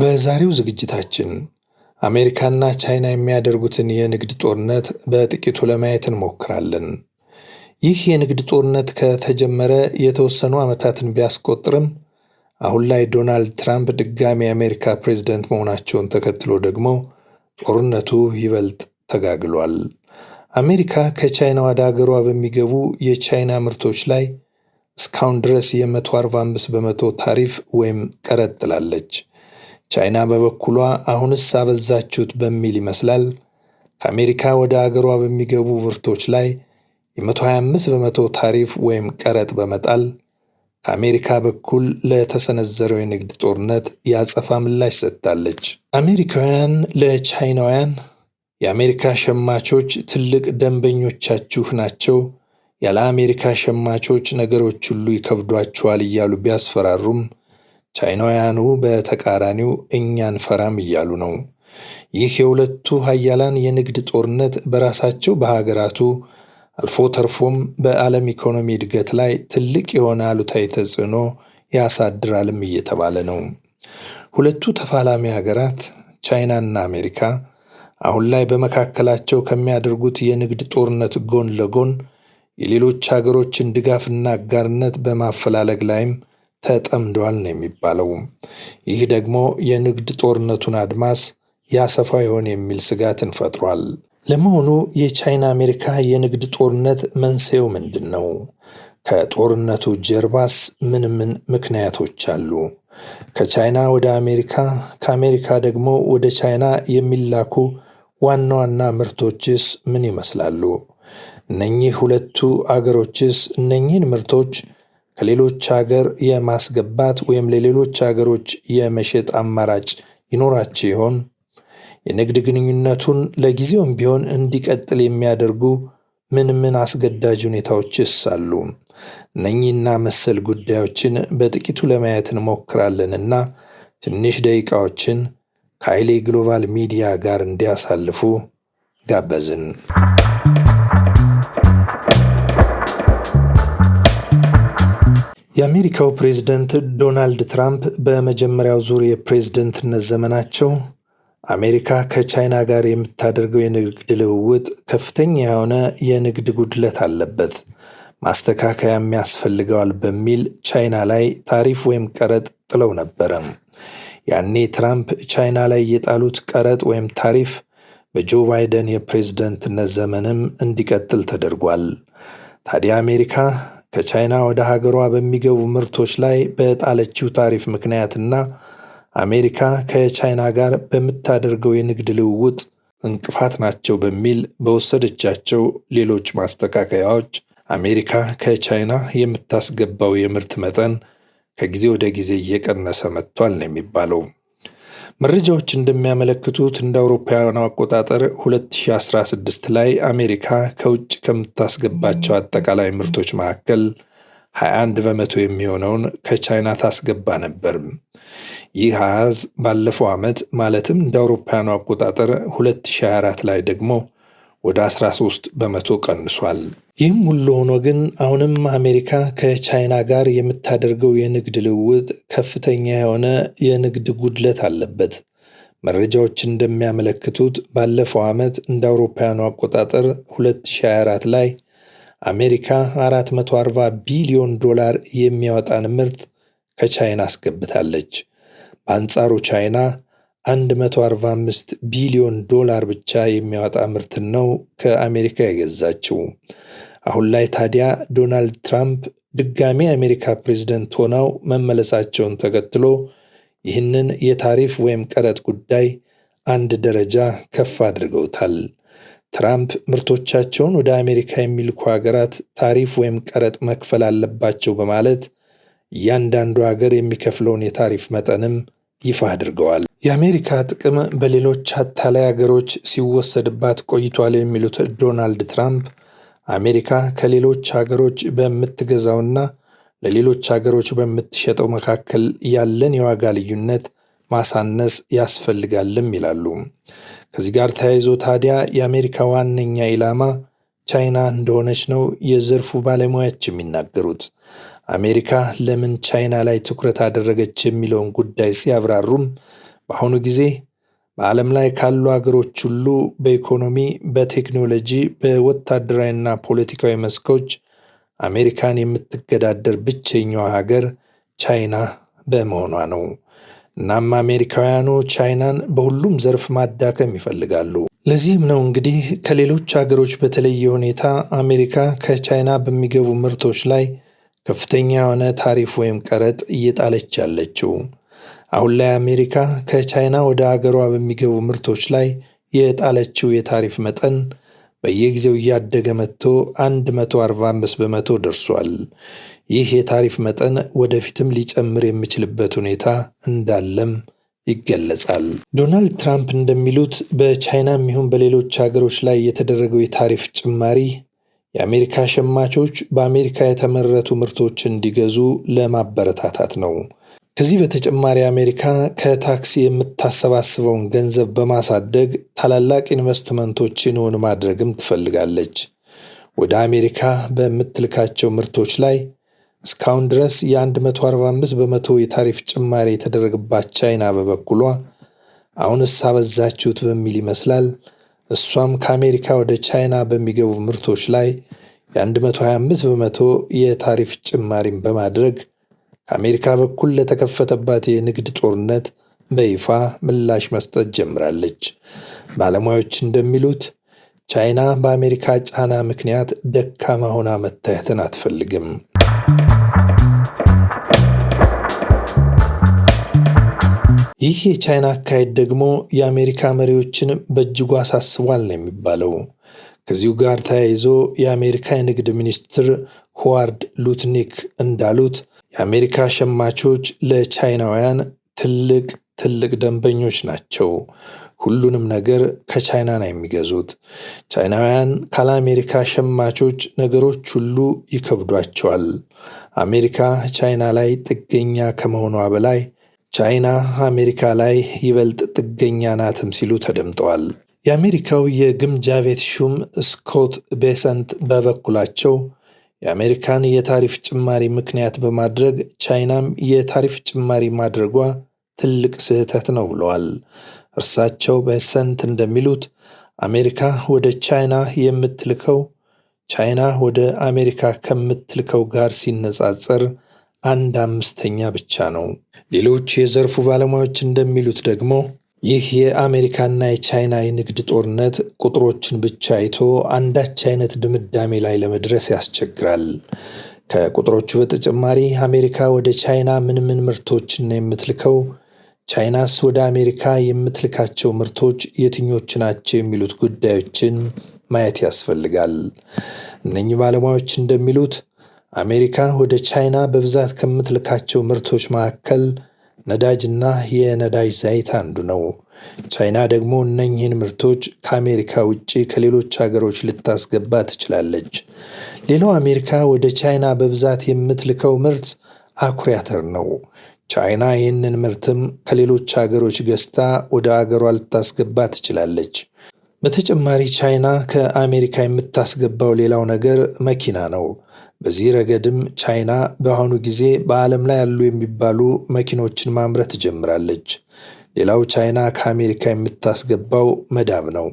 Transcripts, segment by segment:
በዛሬው ዝግጅታችን አሜሪካና ቻይና የሚያደርጉትን የንግድ ጦርነት በጥቂቱ ለማየት እንሞክራለን። ይህ የንግድ ጦርነት ከተጀመረ የተወሰኑ ዓመታትን ቢያስቆጥርም አሁን ላይ ዶናልድ ትራምፕ ድጋሚ የአሜሪካ ፕሬዝደንት መሆናቸውን ተከትሎ ደግሞ ጦርነቱ ይበልጥ ተጋግሏል። አሜሪካ ከቻይና ወደ አገሯ በሚገቡ የቻይና ምርቶች ላይ እስካሁን ድረስ የ145 በመቶ ታሪፍ ወይም ቀረጥ ጥላለች። ቻይና በበኩሏ አሁንስ አበዛችሁት በሚል ይመስላል ከአሜሪካ ወደ አገሯ በሚገቡ ምርቶች ላይ የ125 በመቶ ታሪፍ ወይም ቀረጥ በመጣል ከአሜሪካ በኩል ለተሰነዘረው የንግድ ጦርነት የአጸፋ ምላሽ ሰጥታለች። አሜሪካውያን ለቻይናውያን የአሜሪካ ሸማቾች ትልቅ ደንበኞቻችሁ ናቸው፣ ያለ አሜሪካ ሸማቾች ነገሮች ሁሉ ይከብዷችኋል እያሉ ቢያስፈራሩም ቻይናውያኑ በተቃራኒው እኛን ፈራም እያሉ ነው። ይህ የሁለቱ ሀያላን የንግድ ጦርነት በራሳቸው በሀገራቱ አልፎ ተርፎም በዓለም ኢኮኖሚ እድገት ላይ ትልቅ የሆነ አሉታዊ ተጽዕኖ ያሳድራልም እየተባለ ነው። ሁለቱ ተፋላሚ ሀገራት ቻይናና አሜሪካ አሁን ላይ በመካከላቸው ከሚያደርጉት የንግድ ጦርነት ጎን ለጎን የሌሎች ሀገሮችን ድጋፍና አጋርነት በማፈላለግ ላይም ተጠምዷል ነው የሚባለው። ይህ ደግሞ የንግድ ጦርነቱን አድማስ ያሰፋ ይሆን የሚል ስጋትን ፈጥሯል። ለመሆኑ የቻይና አሜሪካ የንግድ ጦርነት መንስኤው ምንድን ነው? ከጦርነቱ ጀርባስ ምን ምን ምክንያቶች አሉ? ከቻይና ወደ አሜሪካ ከአሜሪካ ደግሞ ወደ ቻይና የሚላኩ ዋና ዋና ምርቶችስ ምን ይመስላሉ? እነኚህ ሁለቱ አገሮችስ እነኚህን ምርቶች ከሌሎች ሀገር የማስገባት ወይም ለሌሎች ሀገሮች የመሸጥ አማራጭ ይኖራቸው ይሆን? የንግድ ግንኙነቱን ለጊዜውም ቢሆን እንዲቀጥል የሚያደርጉ ምን ምን አስገዳጅ ሁኔታዎችስ አሉ? እነኚህና መሰል ጉዳዮችን በጥቂቱ ለማየት እንሞክራለንና ትንሽ ደቂቃዎችን ከኃይሌ ግሎባል ሚዲያ ጋር እንዲያሳልፉ ጋበዝን። የአሜሪካው ፕሬዝደንት ዶናልድ ትራምፕ በመጀመሪያው ዙር የፕሬዝደንትነት ዘመናቸው አሜሪካ ከቻይና ጋር የምታደርገው የንግድ ልውውጥ ከፍተኛ የሆነ የንግድ ጉድለት አለበት፣ ማስተካከያም ያስፈልገዋል በሚል ቻይና ላይ ታሪፍ ወይም ቀረጥ ጥለው ነበረ። ያኔ ትራምፕ ቻይና ላይ የጣሉት ቀረጥ ወይም ታሪፍ በጆ ባይደን የፕሬዝደንትነት ዘመንም እንዲቀጥል ተደርጓል። ታዲያ አሜሪካ ከቻይና ወደ ሀገሯ በሚገቡ ምርቶች ላይ በጣለችው ታሪፍ ምክንያትና አሜሪካ ከቻይና ጋር በምታደርገው የንግድ ልውውጥ እንቅፋት ናቸው በሚል በወሰደቻቸው ሌሎች ማስተካከያዎች አሜሪካ ከቻይና የምታስገባው የምርት መጠን ከጊዜ ወደ ጊዜ እየቀነሰ መጥቷል ነው የሚባለው። መረጃዎች እንደሚያመለክቱት እንደ አውሮፓውያኑ አቆጣጠር 2016 ላይ አሜሪካ ከውጭ ከምታስገባቸው አጠቃላይ ምርቶች መካከል 21 በመቶ የሚሆነውን ከቻይና ታስገባ ነበር። ይህ አሃዝ ባለፈው ዓመት ማለትም እንደ አውሮፓውያኑ አቆጣጠር 2024 ላይ ደግሞ ወደ 13 በመቶ ቀንሷል። ይህም ሁሉ ሆኖ ግን አሁንም አሜሪካ ከቻይና ጋር የምታደርገው የንግድ ልውውጥ ከፍተኛ የሆነ የንግድ ጉድለት አለበት። መረጃዎች እንደሚያመለክቱት ባለፈው ዓመት እንደ አውሮፓውያኑ አቆጣጠር 2024 ላይ አሜሪካ 440 ቢሊዮን ዶላር የሚያወጣን ምርት ከቻይና አስገብታለች። በአንጻሩ ቻይና 145 ቢሊዮን ዶላር ብቻ የሚያወጣ ምርትን ነው ከአሜሪካ የገዛችው። አሁን ላይ ታዲያ ዶናልድ ትራምፕ ድጋሚ የአሜሪካ ፕሬዝደንት ሆነው መመለሳቸውን ተከትሎ ይህንን የታሪፍ ወይም ቀረጥ ጉዳይ አንድ ደረጃ ከፍ አድርገውታል። ትራምፕ ምርቶቻቸውን ወደ አሜሪካ የሚልኩ ሀገራት ታሪፍ ወይም ቀረጥ መክፈል አለባቸው በማለት እያንዳንዱ ሀገር የሚከፍለውን የታሪፍ መጠንም ይፋ አድርገዋል። የአሜሪካ ጥቅም በሌሎች አታላይ አገሮች ሲወሰድባት ቆይቷል የሚሉት ዶናልድ ትራምፕ አሜሪካ ከሌሎች አገሮች በምትገዛውና ለሌሎች አገሮች በምትሸጠው መካከል ያለን የዋጋ ልዩነት ማሳነስ ያስፈልጋልም ይላሉ። ከዚህ ጋር ተያይዞ ታዲያ የአሜሪካ ዋነኛ ኢላማ ቻይና እንደሆነች ነው የዘርፉ ባለሙያዎች የሚናገሩት። አሜሪካ ለምን ቻይና ላይ ትኩረት አደረገች የሚለውን ጉዳይ ሲያብራሩም በአሁኑ ጊዜ በዓለም ላይ ካሉ ሀገሮች ሁሉ በኢኮኖሚ፣ በቴክኖሎጂ፣ በወታደራዊና ፖለቲካዊ መስኮች አሜሪካን የምትገዳደር ብቸኛዋ ሀገር ቻይና በመሆኗ ነው። እናም አሜሪካውያኑ ቻይናን በሁሉም ዘርፍ ማዳከም ይፈልጋሉ። ለዚህም ነው እንግዲህ ከሌሎች ሀገሮች በተለየ ሁኔታ አሜሪካ ከቻይና በሚገቡ ምርቶች ላይ ከፍተኛ የሆነ ታሪፍ ወይም ቀረጥ እየጣለች ያለችው። አሁን ላይ አሜሪካ ከቻይና ወደ አገሯ በሚገቡ ምርቶች ላይ የጣለችው የታሪፍ መጠን በየጊዜው እያደገ መጥቶ 145 በመቶ ደርሷል። ይህ የታሪፍ መጠን ወደፊትም ሊጨምር የሚችልበት ሁኔታ እንዳለም ይገለጻል። ዶናልድ ትራምፕ እንደሚሉት በቻይና የሚሆን በሌሎች ሀገሮች ላይ የተደረገው የታሪፍ ጭማሪ የአሜሪካ ሸማቾች በአሜሪካ የተመረቱ ምርቶች እንዲገዙ ለማበረታታት ነው። ከዚህ በተጨማሪ አሜሪካ ከታክስ የምታሰባስበውን ገንዘብ በማሳደግ ታላላቅ ኢንቨስትመንቶችን እውን ማድረግም ትፈልጋለች። ወደ አሜሪካ በምትልካቸው ምርቶች ላይ እስካሁን ድረስ የ145 በመቶ የታሪፍ ጭማሪ የተደረገባት ቻይና በበኩሏ አሁንስ አበዛችሁት በሚል ይመስላል እሷም ከአሜሪካ ወደ ቻይና በሚገቡ ምርቶች ላይ የ125 በመቶ የታሪፍ ጭማሪን በማድረግ ከአሜሪካ በኩል ለተከፈተባት የንግድ ጦርነት በይፋ ምላሽ መስጠት ጀምራለች። ባለሙያዎች እንደሚሉት ቻይና በአሜሪካ ጫና ምክንያት ደካማ ሆና መታየትን አትፈልግም። ይህ የቻይና አካሄድ ደግሞ የአሜሪካ መሪዎችን በእጅጉ አሳስቧል ነው የሚባለው። ከዚሁ ጋር ተያይዞ የአሜሪካ የንግድ ሚኒስትር ሆዋርድ ሉትኒክ እንዳሉት የአሜሪካ ሸማቾች ለቻይናውያን ትልቅ ትልቅ ደንበኞች ናቸው። ሁሉንም ነገር ከቻይና ነው የሚገዙት። ቻይናውያን ካለ አሜሪካ ሸማቾች ነገሮች ሁሉ ይከብዷቸዋል። አሜሪካ ቻይና ላይ ጥገኛ ከመሆኗ በላይ ቻይና አሜሪካ ላይ ይበልጥ ጥገኛ ናትም ሲሉ ተደምጠዋል። የአሜሪካው የግምጃ ቤት ሹም ስኮት ቤሰንት በበኩላቸው የአሜሪካን የታሪፍ ጭማሪ ምክንያት በማድረግ ቻይናም የታሪፍ ጭማሪ ማድረጓ ትልቅ ስህተት ነው ብለዋል። እርሳቸው በሰንት እንደሚሉት አሜሪካ ወደ ቻይና የምትልከው ቻይና ወደ አሜሪካ ከምትልከው ጋር ሲነጻጸር አንድ አምስተኛ ብቻ ነው። ሌሎች የዘርፉ ባለሙያዎች እንደሚሉት ደግሞ ይህ የአሜሪካና የቻይና የንግድ ጦርነት ቁጥሮችን ብቻ አይቶ አንዳች አይነት ድምዳሜ ላይ ለመድረስ ያስቸግራል። ከቁጥሮቹ በተጨማሪ አሜሪካ ወደ ቻይና ምን ምን ምርቶችን ነው የምትልከው? ቻይናስ ወደ አሜሪካ የምትልካቸው ምርቶች የትኞች ናቸው? የሚሉት ጉዳዮችን ማየት ያስፈልጋል። እነኚህ ባለሙያዎች እንደሚሉት አሜሪካ ወደ ቻይና በብዛት ከምትልካቸው ምርቶች መካከል ነዳጅና የነዳጅ ዘይት አንዱ ነው። ቻይና ደግሞ እነኚህን ምርቶች ከአሜሪካ ውጭ ከሌሎች ሀገሮች ልታስገባ ትችላለች። ሌላው አሜሪካ ወደ ቻይና በብዛት የምትልከው ምርት አኩሪ አተር ነው። ቻይና ይህንን ምርትም ከሌሎች ሀገሮች ገዝታ ወደ አገሯ ልታስገባ ትችላለች። በተጨማሪ ቻይና ከአሜሪካ የምታስገባው ሌላው ነገር መኪና ነው። በዚህ ረገድም ቻይና በአሁኑ ጊዜ በዓለም ላይ ያሉ የሚባሉ መኪኖችን ማምረት ጀምራለች። ሌላው ቻይና ከአሜሪካ የምታስገባው መዳብ ነው።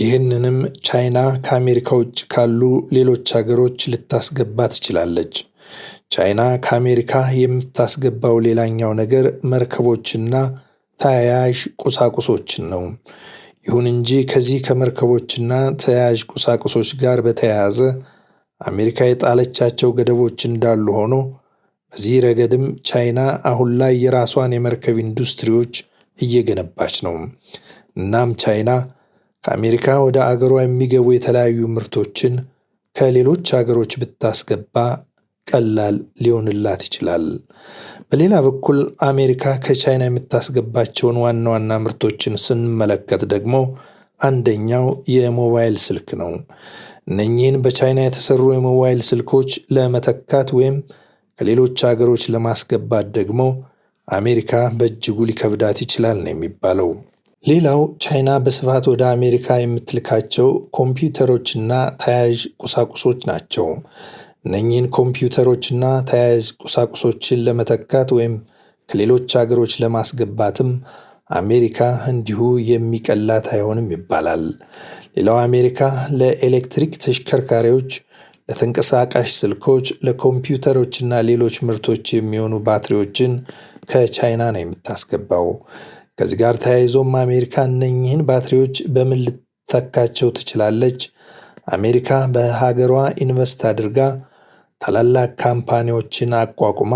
ይህንንም ቻይና ከአሜሪካ ውጭ ካሉ ሌሎች ሀገሮች ልታስገባ ትችላለች። ቻይና ከአሜሪካ የምታስገባው ሌላኛው ነገር መርከቦችና ተያያዥ ቁሳቁሶችን ነው። ይሁን እንጂ ከዚህ ከመርከቦችና ተያያዥ ቁሳቁሶች ጋር በተያያዘ አሜሪካ የጣለቻቸው ገደቦች እንዳሉ ሆኖ በዚህ ረገድም ቻይና አሁን ላይ የራሷን የመርከብ ኢንዱስትሪዎች እየገነባች ነው። እናም ቻይና ከአሜሪካ ወደ አገሯ የሚገቡ የተለያዩ ምርቶችን ከሌሎች አገሮች ብታስገባ ቀላል ሊሆንላት ይችላል። በሌላ በኩል አሜሪካ ከቻይና የምታስገባቸውን ዋና ዋና ምርቶችን ስንመለከት ደግሞ አንደኛው የሞባይል ስልክ ነው። እነኚህን በቻይና የተሰሩ የሞባይል ስልኮች ለመተካት ወይም ከሌሎች ሀገሮች ለማስገባት ደግሞ አሜሪካ በእጅጉ ሊከብዳት ይችላል ነው የሚባለው። ሌላው ቻይና በስፋት ወደ አሜሪካ የምትልካቸው ኮምፒውተሮችና ተያያዥ ቁሳቁሶች ናቸው። እነኚህን ኮምፒውተሮችና ተያያዥ ቁሳቁሶችን ለመተካት ወይም ከሌሎች ሀገሮች ለማስገባትም አሜሪካ እንዲሁ የሚቀላት አይሆንም ይባላል። ሌላው አሜሪካ ለኤሌክትሪክ ተሽከርካሪዎች ለተንቀሳቃሽ ስልኮች ለኮምፒውተሮችና ሌሎች ምርቶች የሚሆኑ ባትሪዎችን ከቻይና ነው የምታስገባው። ከዚህ ጋር ተያይዞም አሜሪካ እነኚህን ባትሪዎች በምን ልተካቸው ትችላለች? አሜሪካ በሀገሯ ኢንቨስት አድርጋ ታላላቅ ካምፓኒዎችን አቋቁማ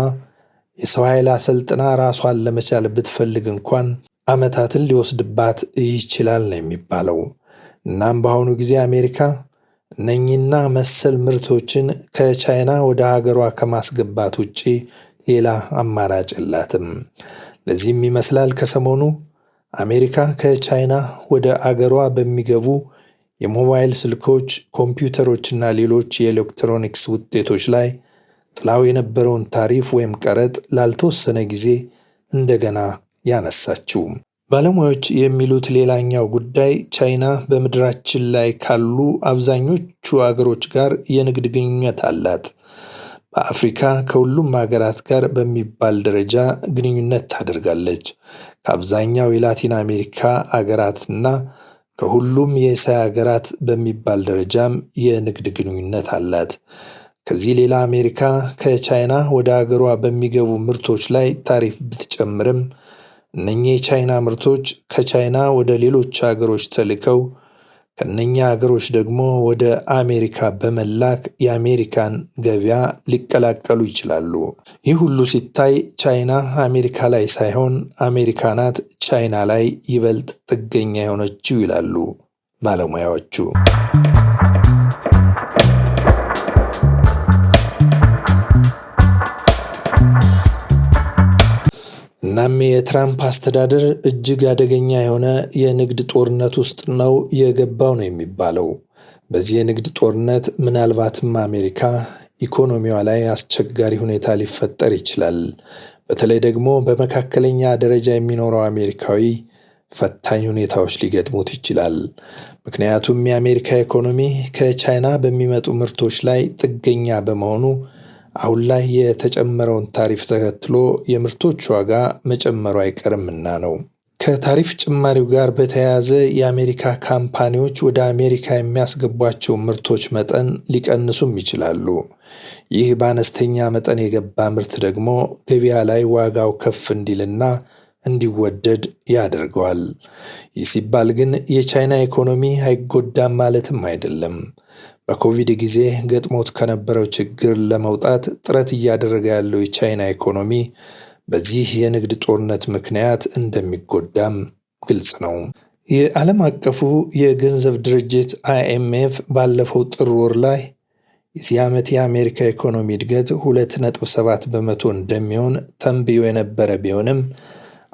የሰው ኃይል አሰልጥና ራሷን ለመቻል ብትፈልግ እንኳን ዓመታትን ሊወስድባት ይችላል ነው የሚባለው። እናም በአሁኑ ጊዜ አሜሪካ እነኚህና መሰል ምርቶችን ከቻይና ወደ ሀገሯ ከማስገባት ውጪ ሌላ አማራጭ የላትም። ለዚህም ይመስላል ከሰሞኑ አሜሪካ ከቻይና ወደ አገሯ በሚገቡ የሞባይል ስልኮች፣ ኮምፒውተሮችና ሌሎች የኤሌክትሮኒክስ ውጤቶች ላይ ጥላው የነበረውን ታሪፍ ወይም ቀረጥ ላልተወሰነ ጊዜ እንደገና ያነሳችው። ባለሙያዎች የሚሉት ሌላኛው ጉዳይ ቻይና በምድራችን ላይ ካሉ አብዛኞቹ አገሮች ጋር የንግድ ግንኙነት አላት። በአፍሪካ ከሁሉም ሀገራት ጋር በሚባል ደረጃ ግንኙነት ታደርጋለች። ከአብዛኛው የላቲን አሜሪካ አገራትና ከሁሉም የእስያ ሀገራት በሚባል ደረጃም የንግድ ግንኙነት አላት። ከዚህ ሌላ አሜሪካ ከቻይና ወደ አገሯ በሚገቡ ምርቶች ላይ ታሪፍ ብትጨምርም እነኚህ የቻይና ምርቶች ከቻይና ወደ ሌሎች ሀገሮች ተልከው ከነኛ ሀገሮች ደግሞ ወደ አሜሪካ በመላክ የአሜሪካን ገበያ ሊቀላቀሉ ይችላሉ። ይህ ሁሉ ሲታይ ቻይና አሜሪካ ላይ ሳይሆን አሜሪካ ናት ቻይና ላይ ይበልጥ ጥገኛ የሆነችው ይላሉ ባለሙያዎቹ። እናም የትራምፕ አስተዳደር እጅግ አደገኛ የሆነ የንግድ ጦርነት ውስጥ ነው የገባው ነው የሚባለው። በዚህ የንግድ ጦርነት ምናልባትም አሜሪካ ኢኮኖሚዋ ላይ አስቸጋሪ ሁኔታ ሊፈጠር ይችላል። በተለይ ደግሞ በመካከለኛ ደረጃ የሚኖረው አሜሪካዊ ፈታኝ ሁኔታዎች ሊገጥሙት ይችላል። ምክንያቱም የአሜሪካ ኢኮኖሚ ከቻይና በሚመጡ ምርቶች ላይ ጥገኛ በመሆኑ አሁን ላይ የተጨመረውን ታሪፍ ተከትሎ የምርቶች ዋጋ መጨመሩ አይቀርምና ነው። ከታሪፍ ጭማሪው ጋር በተያያዘ የአሜሪካ ካምፓኒዎች ወደ አሜሪካ የሚያስገቧቸው ምርቶች መጠን ሊቀንሱም ይችላሉ። ይህ በአነስተኛ መጠን የገባ ምርት ደግሞ ገበያ ላይ ዋጋው ከፍ እንዲልና እንዲወደድ ያደርገዋል። ይህ ሲባል ግን የቻይና ኢኮኖሚ አይጎዳም ማለትም አይደለም። በኮቪድ ጊዜ ገጥሞት ከነበረው ችግር ለመውጣት ጥረት እያደረገ ያለው የቻይና ኢኮኖሚ በዚህ የንግድ ጦርነት ምክንያት እንደሚጎዳም ግልጽ ነው። የዓለም አቀፉ የገንዘብ ድርጅት አይኤምኤፍ ባለፈው ጥር ወር ላይ የዚህ ዓመት የአሜሪካ ኢኮኖሚ እድገት 2.7 በመቶ እንደሚሆን ተንብዮ የነበረ ቢሆንም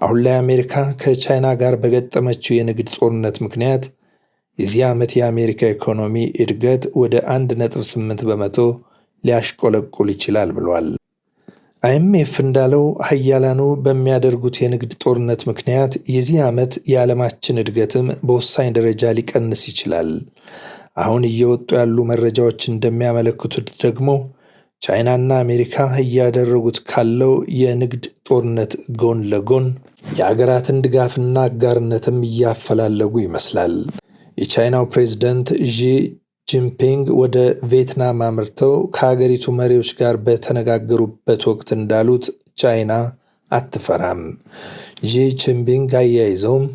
አሁን ላይ አሜሪካ ከቻይና ጋር በገጠመችው የንግድ ጦርነት ምክንያት የዚህ ዓመት የአሜሪካ ኢኮኖሚ እድገት ወደ 1.8 በመቶ ሊያሽቆለቁል ይችላል ብሏል። አይኤምኤፍ እንዳለው ሀያላኑ በሚያደርጉት የንግድ ጦርነት ምክንያት የዚህ ዓመት የዓለማችን እድገትም በወሳኝ ደረጃ ሊቀንስ ይችላል። አሁን እየወጡ ያሉ መረጃዎች እንደሚያመለክቱት ደግሞ ቻይናና አሜሪካ እያደረጉት ካለው የንግድ ጦርነት ጎን ለጎን የአገራትን ድጋፍና አጋርነትም እያፈላለጉ ይመስላል። የቻይናው ፕሬዝደንት ዢ ጂንፒንግ ወደ ቪየትናም አምርተው ከሀገሪቱ መሪዎች ጋር በተነጋገሩበት ወቅት እንዳሉት ቻይና አትፈራም። ዢ ጂንፒንግ አያይዘውም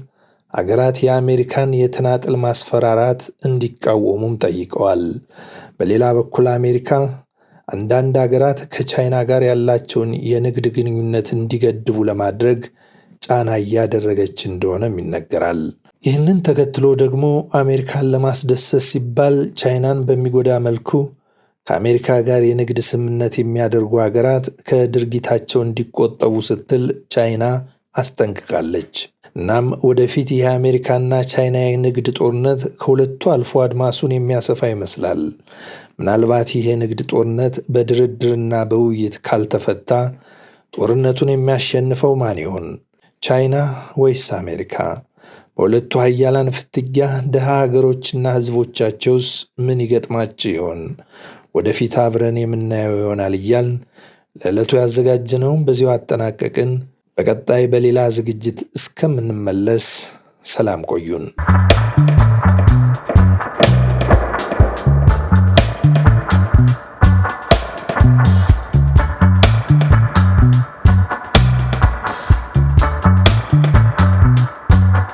አገራት የአሜሪካን የተናጥል ማስፈራራት እንዲቃወሙም ጠይቀዋል። በሌላ በኩል አሜሪካ አንዳንድ አገራት ከቻይና ጋር ያላቸውን የንግድ ግንኙነት እንዲገድቡ ለማድረግ ጫና እያደረገች እንደሆነም ይነገራል። ይህንን ተከትሎ ደግሞ አሜሪካን ለማስደሰት ሲባል ቻይናን በሚጎዳ መልኩ ከአሜሪካ ጋር የንግድ ስምምነት የሚያደርጉ ሀገራት ከድርጊታቸው እንዲቆጠቡ ስትል ቻይና አስጠንቅቃለች። እናም ወደፊት ይህ አሜሪካና ቻይና የንግድ ጦርነት ከሁለቱ አልፎ አድማሱን የሚያሰፋ ይመስላል። ምናልባት ይህ የንግድ ጦርነት በድርድርና በውይይት ካልተፈታ ጦርነቱን የሚያሸንፈው ማን ይሆን? ቻይና ወይስ አሜሪካ? በሁለቱ ኃያላን ፍትጊያ ድሀ አገሮችና ህዝቦቻቸውስ ምን ይገጥማቸው ይሆን? ወደፊት አብረን የምናየው ይሆናል እያልን ለዕለቱ ያዘጋጀነውን በዚሁ አጠናቀቅን። በቀጣይ በሌላ ዝግጅት እስከምንመለስ ሰላም ቆዩን።